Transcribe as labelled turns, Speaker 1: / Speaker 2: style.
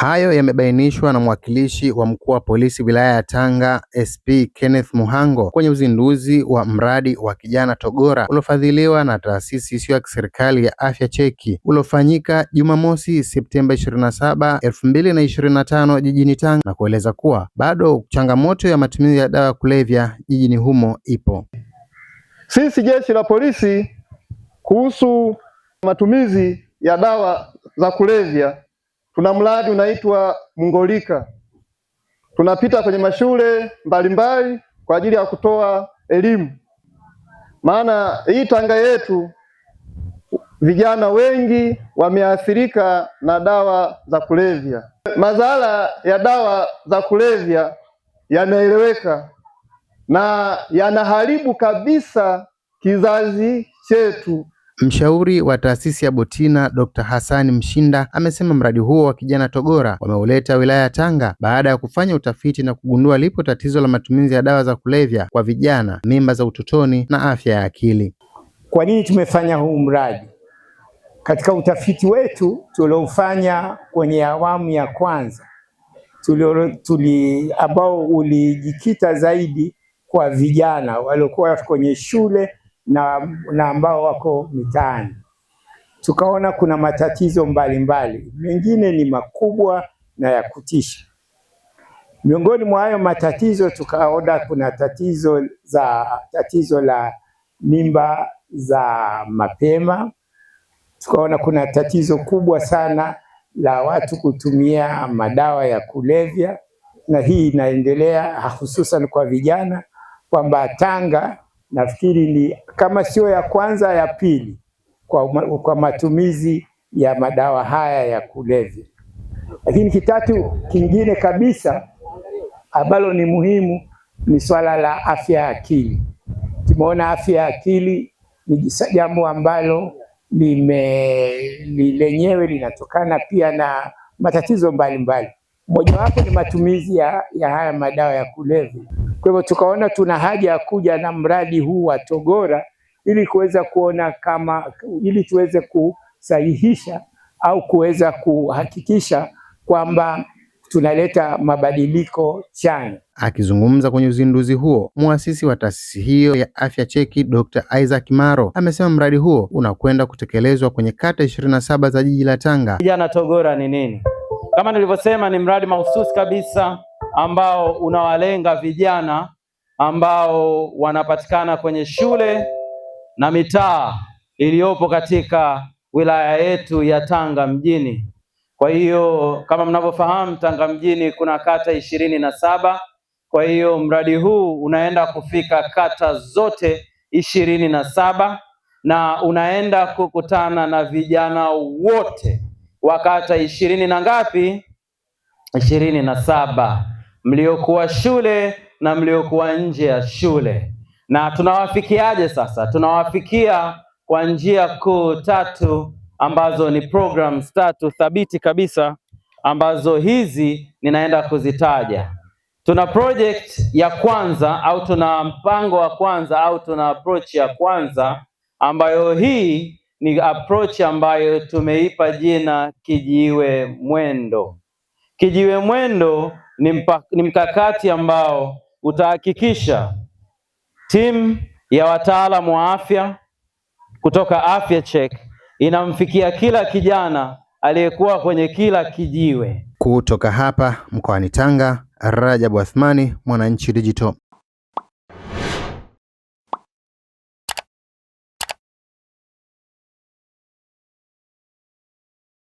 Speaker 1: Hayo yamebainishwa na mwakilishi wa mkuu wa polisi wilaya ya Tanga SP Kenneth Muhango kwenye uzinduzi wa mradi wa Kijana Togora uliofadhiliwa na taasisi isiyo ya kiserikali ya Afya Cheki uliofanyika Jumamosi Septemba 27, 2025 jijini Tanga na kueleza kuwa bado changamoto ya matumizi ya dawa ya kulevya jijini humo ipo.
Speaker 2: Sisi jeshi la polisi kuhusu matumizi ya dawa za kulevya Tuna mradi unaitwa Mungolika, tunapita kwenye mashule mbalimbali kwa ajili ya kutoa elimu, maana hii Tanga yetu vijana wengi wameathirika na dawa za kulevya. Madhara ya dawa za kulevya yanaeleweka na yanaharibu kabisa kizazi chetu.
Speaker 1: Mshauri wa taasisi ya Botina Dr. Hassan Mshinda amesema mradi huo wa kijana Togora wameuleta wilaya ya Tanga baada ya kufanya utafiti na kugundua lipo tatizo la matumizi ya dawa za kulevya kwa vijana, mimba za utotoni na afya ya akili.
Speaker 3: Kwa nini tumefanya huu mradi? Katika utafiti wetu tuliofanya kwenye awamu ya kwanza tuli, tuli ambao ulijikita zaidi kwa vijana waliokuwa kwenye shule na, na ambao wako mitaani. Tukaona kuna matatizo mbalimbali, mengine ni makubwa na ya kutisha. Miongoni mwa hayo matatizo tukaona kuna tatizo za tatizo la mimba za mapema. Tukaona kuna tatizo kubwa sana la watu kutumia madawa ya kulevya, na hii inaendelea hususan kwa vijana, kwamba Tanga nafikiri ni kama sio ya kwanza, ya pili kwa, kwa matumizi ya madawa haya ya kulevya. Lakini kitatu kingine kabisa ambalo ni muhimu ni swala la afya ya akili. Tumeona afya ya akili ni jambo ambalo lime lenyewe linatokana pia na matatizo mbalimbali, mojawapo ni matumizi ya, ya haya madawa ya kulevya. Kwa hivyo tukaona tuna haja ya kuja na mradi huu wa Togora ili kuweza kuona kama ili tuweze kusahihisha au kuweza kuhakikisha kwamba tunaleta mabadiliko chanya.
Speaker 1: Akizungumza kwenye uzinduzi huo, mwasisi wa taasisi hiyo ya afya cheki Dr. Isaac Maro amesema mradi huo unakwenda kutekelezwa kwenye kata 27 za jiji la Tanga.
Speaker 4: Jana Togora ni nini? Kama nilivyosema, ni mradi mahususi kabisa ambao unawalenga vijana ambao wanapatikana kwenye shule na mitaa iliyopo katika wilaya yetu ya Tanga mjini. Kwa hiyo kama mnavyofahamu, Tanga mjini kuna kata ishirini na saba. Kwa hiyo mradi huu unaenda kufika kata zote ishirini na saba na unaenda kukutana na vijana wote wa kata ishirini na ngapi? Ishirini na saba mliokuwa shule na mliokuwa nje ya shule. Na tunawafikiaje sasa? Tunawafikia kwa njia kuu tatu ambazo ni programs tatu thabiti kabisa ambazo hizi ninaenda kuzitaja. Tuna project ya kwanza au tuna mpango wa kwanza au tuna approach ya kwanza ambayo hii ni approach ambayo tumeipa jina kijiwe mwendo. Kijiwe mwendo ni, mpa, ni mkakati ambao utahakikisha timu ya wataalamu wa afya kutoka Afya Check inamfikia kila kijana aliyekuwa kwenye kila kijiwe.
Speaker 1: Kutoka hapa mkoani Tanga, Rajabu Athmani, Mwananchi Digital.